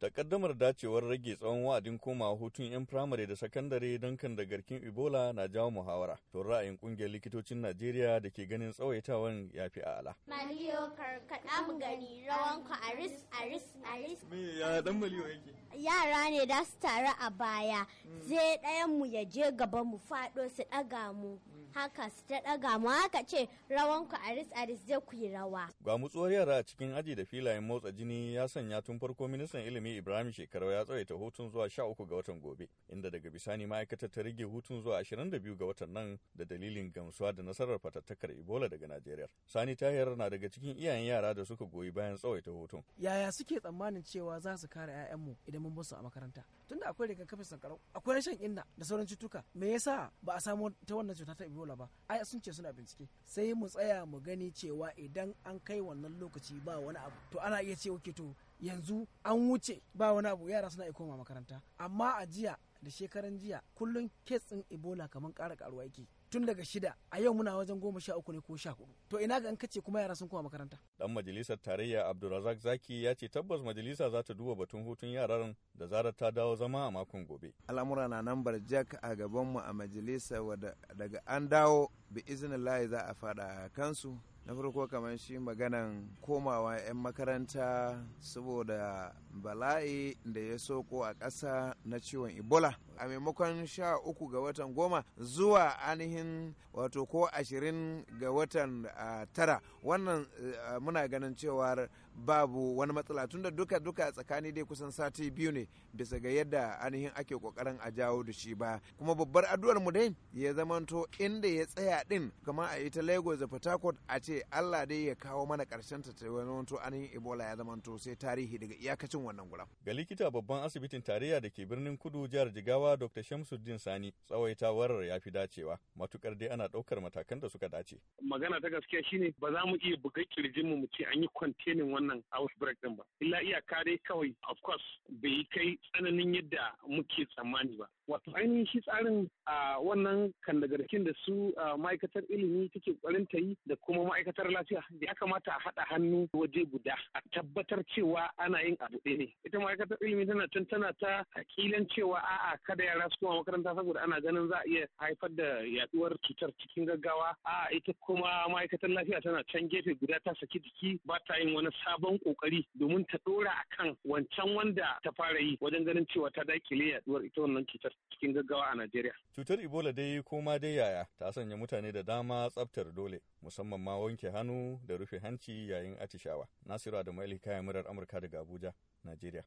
Takaddamar dacewar rage tsawon wa'adin komawa hutun 'yan firamare da sakandare don kan da garkin Ebola na jawo muhawara. To ra'ayin kungiyar likitocin Najeriya da ke ganin tsawaitawan ya fi ala. Maliyo gari Yara ne da su taru a baya. Zai ɗayan mu ya je gaba mu faɗo su ɗaga mu. Haka su ta ɗaga mu haka ce rawan ku aris aris zai ku yi rawa. mutsuwar yara a cikin aji da filayen motsa jini ya sanya tun farko ministan ilimin. sami Ibrahim Shekarau ya tsawaita hutun zuwa 13 ga watan gobe, inda daga bisani ma'aikatar ta rage hutun zuwa 22 ga watan nan da dalilin gamsuwa da nasarar fatattakar Ebola daga Najeriya. Sani Tahir na daga cikin iyayen yara da suka goyi bayan tsawaita hutun. Yaya suke tsammanin cewa za su kare 'ya'yanmu idan mun basu a makaranta? Tunda akwai rigakafin sankarau, akwai rashin inna da sauran cutuka. Me yasa ba a samu ta wannan cuta ta Ebola ba? Ai sun ce suna bincike. Sai mu tsaya mu gani cewa idan an kai wannan lokaci ba wani abu to ana iya ce to yanzu an wuce ba wani abu yara suna koma makaranta amma a jiya da shekaran jiya kullum kes ɗin ebola kamar kara ƙaruwa yake tun daga shida a yau muna wajen goma sha uku ne ko sha hudu to ina ga an kace kuma yara sun koma makaranta dan majalisar tarayya abdulrazak zaki ya ce tabbas majalisa za ta duba batun hutun yaran da zarar ta dawo zama a makon gobe al'amura na nan jack a gaban mu a majalisa daga an dawo bi iznillahi za a fada kansu na farko kamar shi maganan komawa 'yan makaranta saboda bala'i da ya soko a ƙasa na ciwon ebola a maimakon sha uku ga watan goma zuwa ainihin wato ko ashirin ga watan tara wannan muna ganin cewa babu wani matsala tunda duka duka tsakani dai kusan sati biyu ne bisa ga yadda ainihin ake kokarin a jawo da shi ba kuma babbar addu'ar mu dai ya zamanto inda ya tsaya din kamar a ita lagos da port a ce allah dai ya kawo mana karshen ta ta wani zamanto ainihin ebola ya zamanto sai tarihi daga iyakacin wannan guram. Ga likita babban asibitin tarayya da ke birnin kudu jihar Jigawa Dr. Shamsuddin Sani tsawaitawar ya fi dacewa matukar dai ana ɗaukar matakan da suka dace. Magana ta gaskiya shine ba za mu iya buga kirjin mu mu ce an yi containing wannan outbreak din ba. Illa iya kare kawai of course bai kai tsananin yadda muke tsammani ba. Wato ainihin shi tsarin a wannan kandagarkin da su ma'aikatar ilimi take ƙwarin ta yi da kuma ma'aikatar lafiya ya kamata a haɗa hannu waje guda a tabbatar cewa ana yin abu ɗaya ita ma'aikatar ilimi tana can tana ta kilan cewa a'a kada yara su koma makaranta saboda ana ganin za a iya haifar da yaduwar cutar cikin gaggawa a'a ita kuma ma'aikatar lafiya tana can gefe guda ta saki jiki ba ta yin wani sabon kokari domin ta dora akan wancan wanda ta fara yi wajen ganin cewa ta dakile yaduwar ita wannan cutar cikin gaggawa a Najeriya. Cutar Ebola dai koma dai yaya ta sanya mutane da dama tsaftar dole musamman ma wanke hannu da rufe hanci yayin atishawa. Nasiru Adamu Ali kayan murar Amurka daga Abuja, надире.